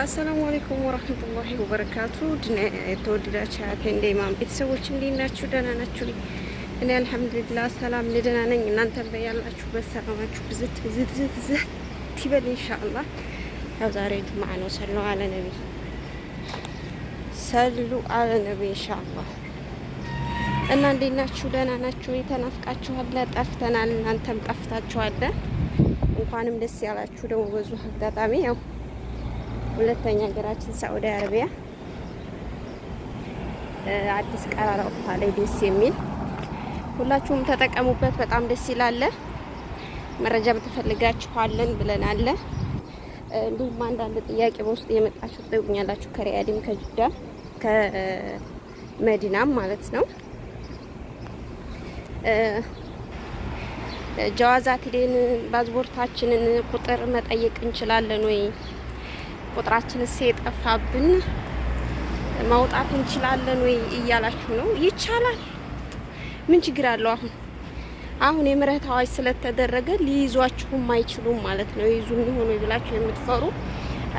አሰላሙ አለይኩም ወረህመቱላሂ ወበረካቱ የተወደዳችሁ እንደ ኢማም ቤተሰቦች እንዴት ናችሁ? ደህና ናችሁ? እኔ አልሐምዱሊላህ ሰላም ደህና ነኝ። እናንተም በያላችሁበት ሰላማችሁ ብዝት ብዝት ብዝት ብዝት ይበል ኢንሻአላህ። ያው ዛሬ ጁምዓ ነው። ሰሉ አለ ነቢ ሰሉ አለ ነቢ ኢንሻአላህ። እና እንዴት ናችሁ? ደህና ናችሁ? ተናፍቃችኋል። ጠፍተናል፣ እናንተም ጠፍታችኋል። እንኳንም ደስ ያላችሁ ደግሞ በዙ አጋጣሚ ያው ሁለተኛ ሀገራችን ሳዑዲ አረቢያ አዲስ ቀራራ ላይ ደስ የሚል ሁላችሁም ተጠቀሙበት። በጣም ደስ ይላለ። መረጃ ብለን ብለናለ። እንዲሁም አንዳንድ ጥያቄ በውስጥ የመጣችሁ ትጠይቁኛላችሁ። ከሪያድም ከጅዳ ከመዲናም ማለት ነው። ጀዋዛት ሄደን ፓስፖርታችንን ቁጥር መጠየቅ እንችላለን ወይ? ቁጥራችንስ የጠፋብን ማውጣት እንችላለን ወይ እያላችሁ ነው። ይቻላል። ምን ችግር አለው? አሁን አሁን የምህረት አዋጅ ስለተደረገ ሊይዟችሁም አይችሉም ማለት ነው። ይዙ ይሆኑ ብላችሁ የምትፈሩ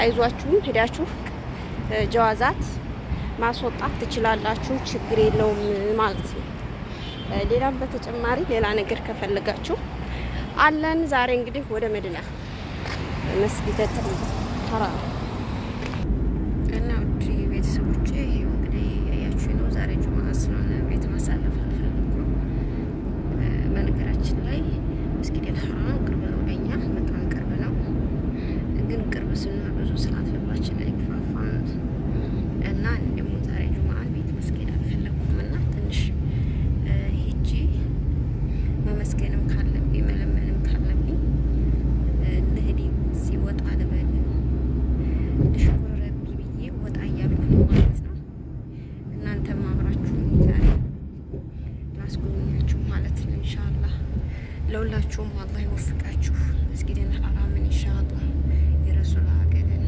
አይዟችሁም፣ ሄዳችሁ ጀዋዛት ማስወጣት ትችላላችሁ። ችግር የለውም ማለት ነው። ሌላም በተጨማሪ ሌላ ነገር ከፈለጋችሁ አለን። ዛሬ እንግዲህ ወደ መድና መስጊድ ተራ እናንተም አብራችሁ ላስጎብኛችሁ ማለት ነው። ኢንሻአላ ለሁላችሁም አላህ ይወፍቃችሁ። መስጊድን አላምን ኢንሻአላ የረሱል ሀገርን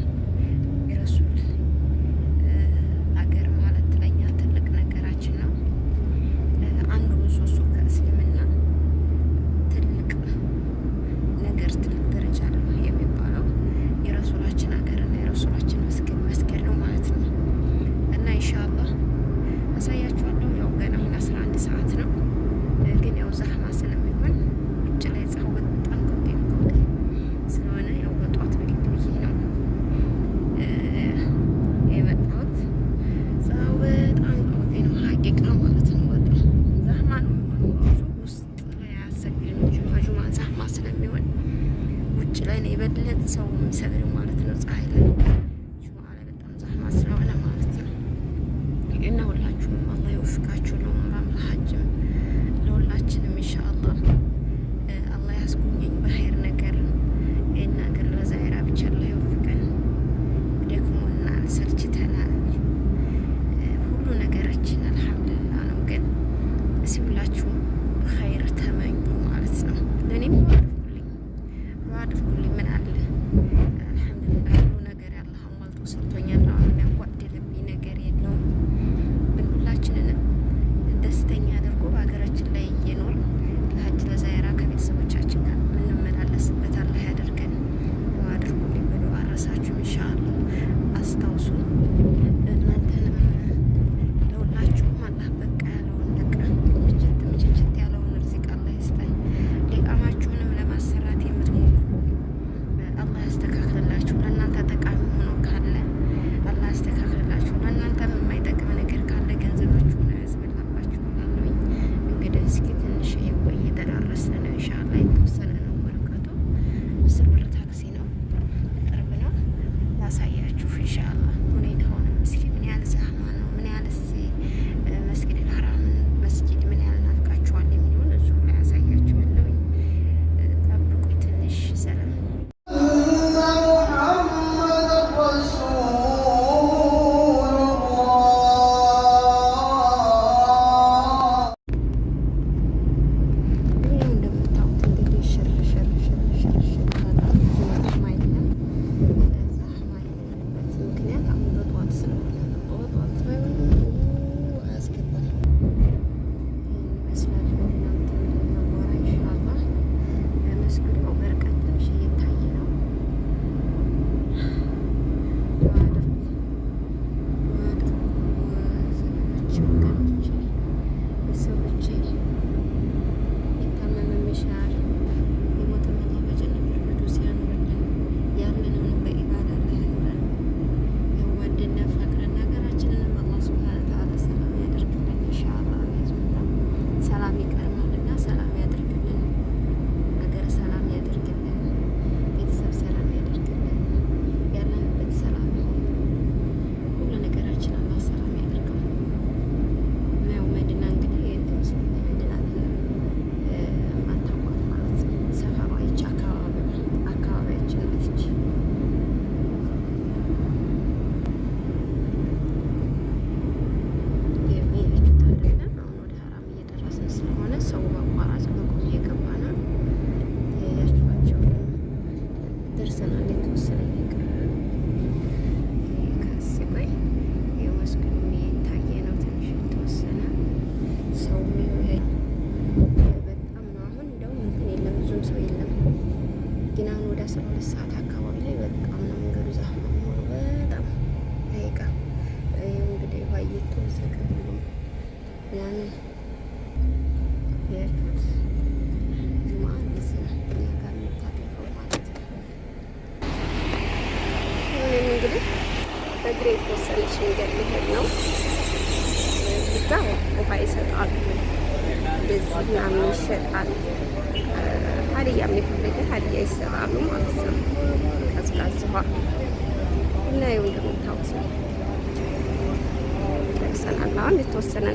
አሁን የተወሰነ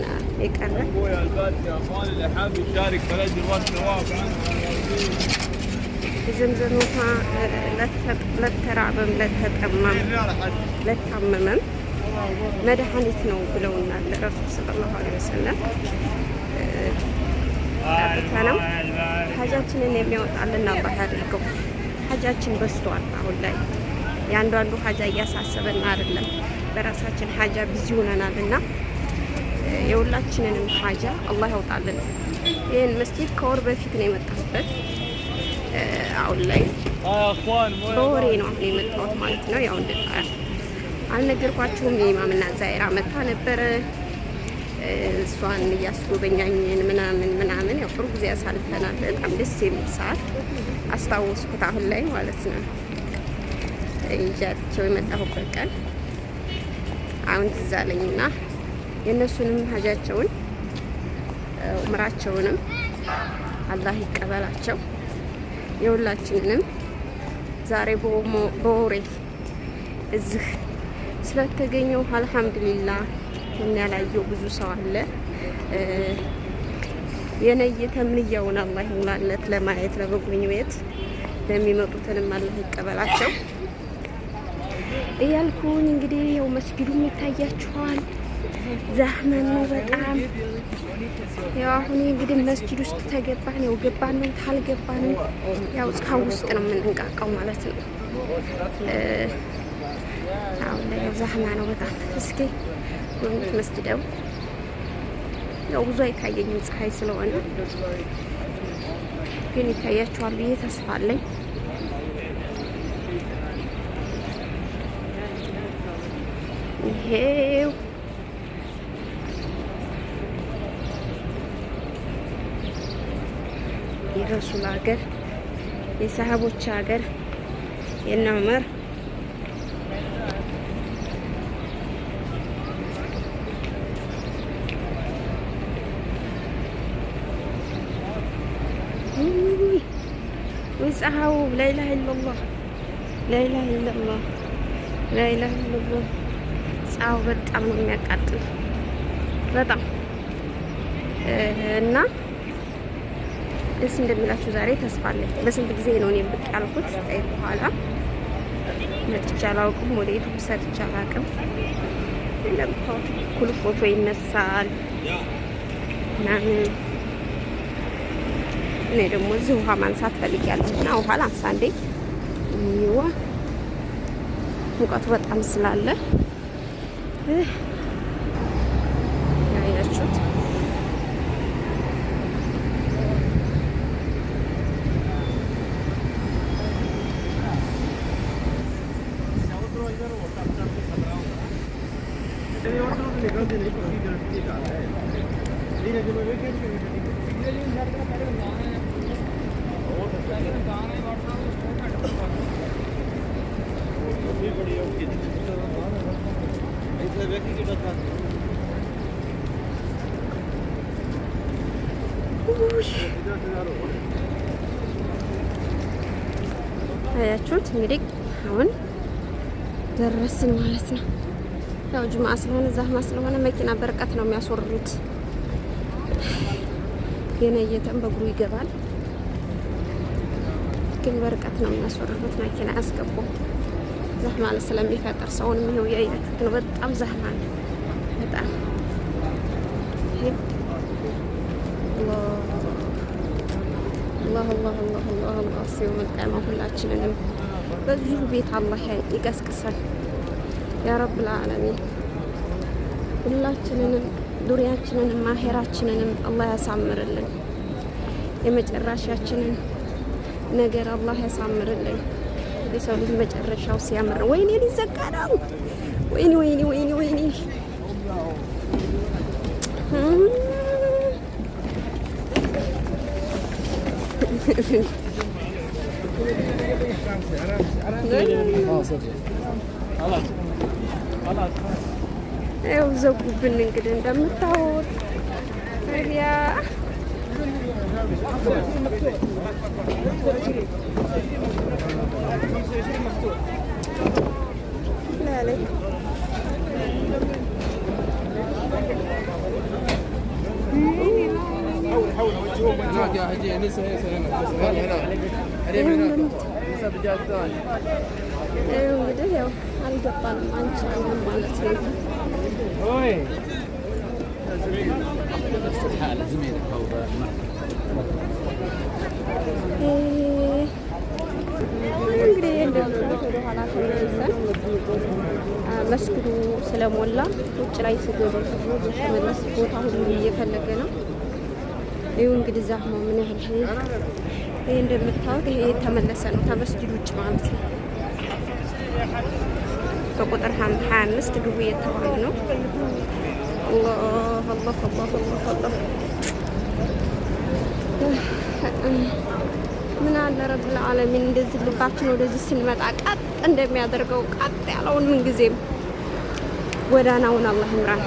የቀረ የዘምዘም ውሃ ለተራበም ለተጠማም ለታመመም መድኃኒት ነው ብለውናል ረሱል ሰለላሁ ዐለይሂ ወሰለም። ቀጥታ ነው ሀጃችንን የሚያወጣልን አላህ አድርገው። ሀጃችን በዝቷል አሁን ላይ የአንዱ ሀጃ እያሳሰበን አይደለም፣ በራሳችን ሀጃ ቢዚ ሆነናል የሁላችንንም ሀጃ አላህ ያውጣልን። ይህን መስጂድ ከወር በፊት ነው የመጣሁበት። አሁን ላይ በወሬ ነው አሁን የመጣሁት ማለት ነው። ያው እንደ አልነገርኳችሁም የኢማምና ዛይራ መታ ነበረ። እሷን እያስጎበኛኝን ምናምን ምናምን ያው ጥሩ ጊዜ ያሳልፈናል። በጣም ደስ የሚል ሰዓት አስታወስኩት አሁን ላይ ማለት ነው። ይዣቸው የመጣሁበት ቀን አሁን ትዝ አለኝና የእነሱንም ሀጃቸውን ምራቸውንም አላህ ይቀበላቸው። የሁላችንንም ዛሬ በወሬ እዚህ ስለተገኘው አልሐምዱሊላ የሚያላየው ብዙ ሰው አለ። የነየተ ምንያውን አላህ ይሙላለት ለማየት ቤት ለሚመጡትንም አላህ ይቀበላቸው እያልኩኝ እንግዲህ ያው መስጊዱም ይታያችኋል። ዛህመን ነው በጣም ያው አሁን እንግዲህ መስጂድ ውስጥ ተገባን፣ ያው ገባንም ካልገባንም ያው ፀሐይ ውስጥ ነው የምንንቃቀው ማለት ነው። አሁን ላይ ያው ዛህማ ነው በጣም እስኪ ወንት መስጂደው ያው ብዙ አይታየኝም ፀሐይ ስለሆነ ግን ይታያችኋል ብዬ ተስፋ አለኝ። ይሄው የረሱል ሀገር፣ የሰሃቦች ሀገር፣ የእነ ዑመር ወይፀሐው ላኢላሀ ኢለላህ ላኢላሀ ኢለላህ ላኢላሀ ኢለላህ። ፀሐው በጣም ነው የሚያቃጥል በጣም እና ደስ እንደሚላችሁ ዛሬ ተስፋ አለኝ። በስንት ጊዜ ነው እኔ ብቅ ያልኩት? ጠይቅ በኋላ መጥቼ አላውቅም። ወደ ዩቱብ ሰርቼ አላውቅም። እንደምታወት ኩል ፎቶ ይነሳል ምናምን። እኔ ደግሞ እዚህ ውሃ ማንሳት ፈልጊያለሁ እና ውሃ ላንሳ እንዴ። ይዋ ሙቀቱ በጣም ስላለ አያችሁት እንግዲህ አሁን ደረስን ማለት ነው። ያው ጁማአ ስለሆነ ዛህማ ስለሆነ መኪና በርቀት ነው የሚያስወርዱት። ገና በእግሩ ይገባል፣ ግን በርቀት ነው የሚያስወርዱት። መኪና አያስገቡም፣ ዛህማ ስለሚፈጠር ሰውን የሚሄው ያያችሁት ነው። በጣም ዛህማ ነው። አላህ አላህ አላህ አላህ አላህ ሲው መቃማ ሁላችንንም በዚሁ ቤት አላህ ይቀስቅሰን ያ ረብል ዓለሚን። ሁላችንንም ዱሪያችንንም አሄራችንንም አላህ ያሳምርልን። የመጨረሻችንን ነገር አላህ ያሳምርልን። የሰው ልጅ መጨረሻው ሲያምር ወይኔ ሊዘጋ ነው። ወይኔ ወይኔ ወይኔ ወይኔ Echt? ik ben hier in Frankrijk. Ik ben hier in Frankrijk. Ik ben hier in Frankrijk. Ik ben hier in Frankrijk. እንግዲህ ያው አልገባንም አንችልም ማለት ነው። እንግዲህ ወደኋላ ተመልሰን ስለሞላ ውጭ ላይ ስገባ መለስ ቦታ ሁሉ እየፈለገ ነው። ይኸው እንግዲህ ዛፍ ምን ያህል ይሄ እንደምታዩት ይሄ የተመለሰ ነው ተመስጂድ ውጭ ማለት ነው። በቁጥር ሀያ ግቡ የተባለ ነው። አላህ አላህ አላህ አላህ ምን አለ ረብል ዓለሚን እንደዚህ ልባችን ወደዚህ ስንመጣ ቀጥ እንደሚያደርገው ቀጥ ያለውን ምንጊዜም ጎዳናውን አላህ ይምራል።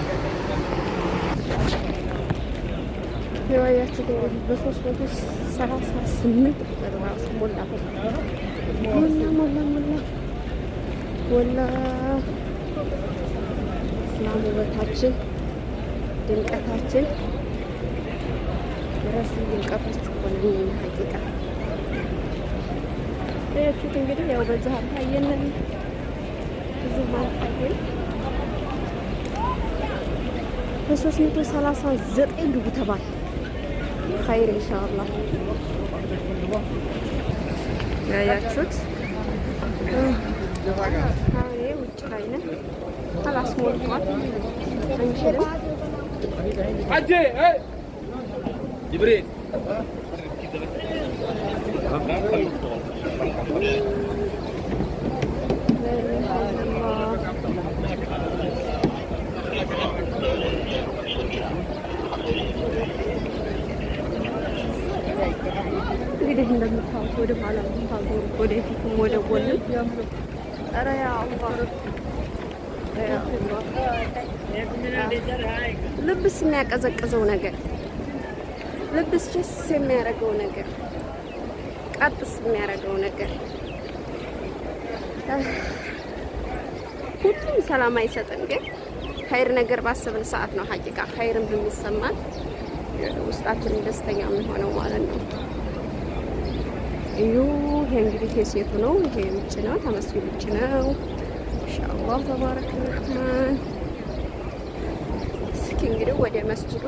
ቢዋያችሁ በሶስት መቶ ሰላሳ ስምንት ቁጥር ራሱ ሞላ ሞላ ሞላ ሞላ ወላ እስላም ውበታችን ድምቀታችን የራሱ ድምቀቶች ሆነ ሀቂቃ ያችሁት እንግዲህ ያው በዛ አልታየንም፣ ብዙ አልታየን። በሶስት መቶ ሰላሳ ዘጠኝ ግቡ ተባለ። خير ان شاء الله ያያችሁት አሁን ውጭ ላይ ነን። አላስ ሞልቷል። አንችልም። አጄ ይብሬ እንግዲህ እንደምታወት ወደ ኋላ ታዞሩ ወደ ፊትም ወደ ጎንም ኧረ ልብስ የሚያቀዘቅዘው ነገር ልብስ ችስ የሚያደርገው ነገር ቀጥስ የሚያደርገው ነገር ሁሉም ሰላም አይሰጥም። ግን ኸይር ነገር ባሰብን ሰዓት ነው ሀቂቃ ኸይርን ብንሰማን ውስጣችን ደስተኛ የምንሆነው ማለት ነው። እዩ ይሄ እንግዲህ የሴቱ ነው። ይሄ ውጭ ነው። ተመስዩ ውጭ ነው። ኢንሻአላህ ተባረክ ረህማን። እስኪ እንግዲህ ወደ መስጂዱ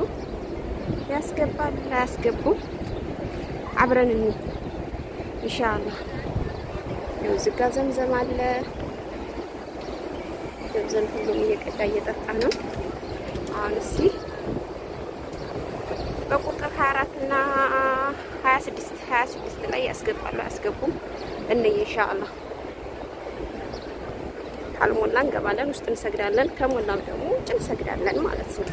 ያስገባል አያስገቡም? አብረን እኒ ኢንሻአላህ ዝጋ። ዘምዘም አለ። ዘምዘም ሁሉም እየቀዳ እየጠጣ ነው አሁን እስኪ ስድስት ሀያ ስድስት ላይ ያስገባሉ አያስገቡም? እንይ ኢንሻአላህ። ካልሞላ እንገባለን፣ ውስጥ እንሰግዳለን። ከሞላም ደግሞ ውጭ እንሰግዳለን ማለት ነው።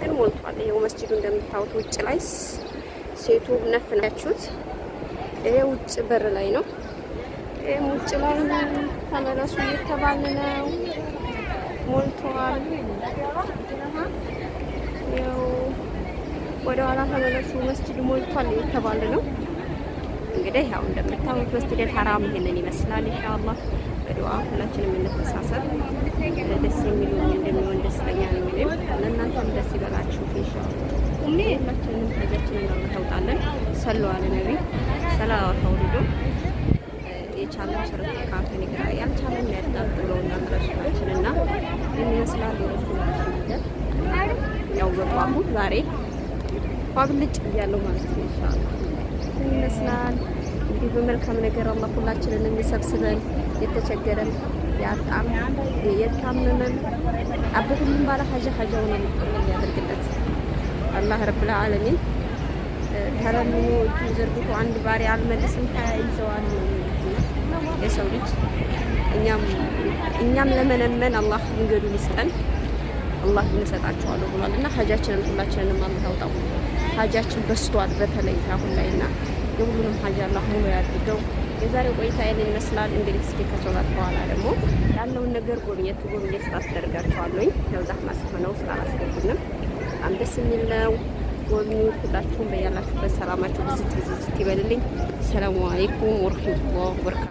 ግን ሞልቷል። ይኸው መስጂዱ እንደምታዩት ውጭ ላይ ሴቱ ነፍናችሁት። ይሄ ውጭ በር ላይ ነው። ይሄም ውጭ ላይ ተመለሱ እየተባለ ነው። ሞልቷል። ወደ ኋላ ተመለሱ መስጂድ ሞልቷል እየተባለ ነው። እንግዲህ ያው እንደምታውቁት መስጂድ ሐራም ይሄንን ይመስላል። ኢንሻአላህ በዱዓ ሁላችንም እንተሳሰብ። ደስ የሚሉ እንደሚሆን ደስተኛ ነው የሚል ለእናንተም ደስ ይበላችሁ። ኢንሻአላህ እኔ ሁላችንም ታጃችንን እናመጣውጣለን። ሰለላሁ ዐለይሂ ነቢ ሰላዋት ተውሪዱ የቻለው ሸረት ካፈን ይግራ ያልቻለን ያጣጥ ብለውና ረሱላችንና ይመስላል ረሱላችን ነገር ያው ገባሁ ዛሬ ኳብልጭ እያለው ማለት ነው። ኢንሻአላህ ይመስላል እንዲህ በመልካም ነገር አላህ ሁላችንን የሚሰብስበን የተቸገረን ያጣም የታመመን አብሁሉም ባለ ሀጃ ሀጃው ነው የሚጠመን ያደርግለት አላህ ረብል ዓለሚን። ተረሙ እጁን ዘርግቶ አንድ ባሪያ አልመልስም ተያይዘዋል የሰው ልጅ እኛም ለመነመን ለመለመን አላህ መንገዱን ይስጠን። አላህ እንሰጣቸዋለሁ ብሏል እና ሀጃችንን ሁላችንንም አምታውጣው ሀጃችን በስቷል። በተለይ አሁን ላይ ና የሁሉንም ሀጃ አላህ ሙሉ ያድርገው። የዛሬ ቆይታ ይህን ይመስላል። እንግዲህ እስኪ ከሶላት በኋላ ደግሞ ያለውን ነገር ጎብኘት ጎብኘት ስታስደርጋቸዋለኝ ያው ዛፍ ማስፈነው ስላላስገቡንም በጣም ደስ የሚል ነው። ጎብኙ። ሁላችሁም በያላችሁበት ሰላማችሁ ብዝት ብዝት ይበልልኝ። ሰላሙ አሌይኩም ወረህመቱላህ ወበረካቱ